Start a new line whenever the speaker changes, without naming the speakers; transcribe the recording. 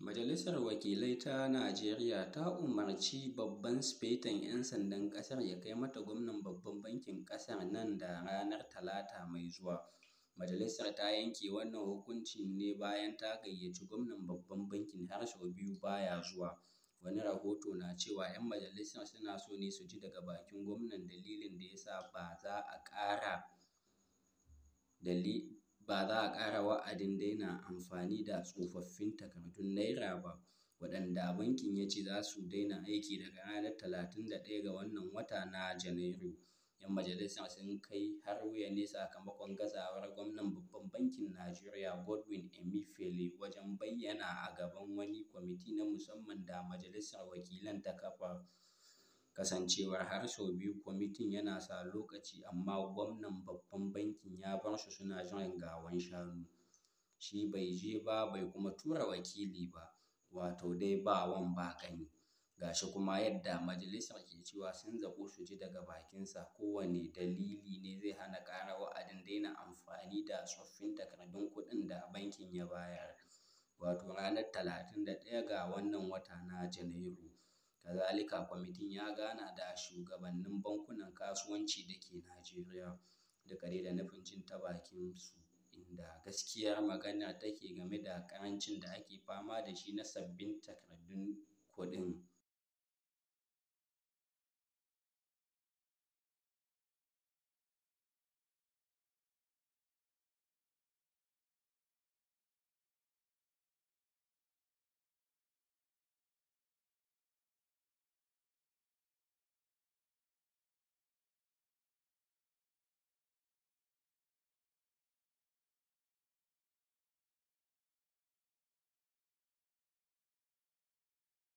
Majalisar Wakilai ta Najeriya ta umarci Babban Sufeton 'Yan Sandan ƙasar ya kai mata Gwamnan Babban Bankin ƙasar nan da ranar Talata mai zuwa. Majalisar ta yanke wannan hukuncin ne bayan ta gayyaci Gwamnan Babban Bankin har sau biyu baya zuwa. Wani rahoto na cewa 'yan majalisar suna so ne su ji daga bakin gwamnan dalilin da ya sa ba za a ƙara ba za a ƙara wa'adin daina amfani da tsofaffin takardun Naira ba, waɗanda bankin ya ce za su daina aiki daga ranar ɗaya ga wannan wata na Janairu. 'Yan majalisar sun kai har wuya ne sakamakon gazawar Gwamnan Babban Bankin Najeriya Godwin Emefiele wajen bayyana a gaban wani kwamiti na musamman da Majalisar Wakilan ta kafa. kasancewar har sau biyu kwamitin yana sa lokaci amma gwamnan babban bankin ya bar su suna jiran gawan shanu shi bai je ba bai kuma tura wakili ba wato dai ba wan ba gani gashi kuma yadda majalisar ke cewa sun zaɓo su ji daga bakinsa kowane dalili ne zai hana ƙara wa'adin daina amfani da tsoffin takardun kuɗin da bankin ya bayar wato ranar talatin da ɗaya ga wannan wata na janairu Kazalika, kwamitin ya gana da shugabannin bankunan kasuwanci da ke Najeriya, duka dai da nufin jin ta bakin su inda gaskiyar magana take game da ƙarancin da ake fama da shi na sabbin takardun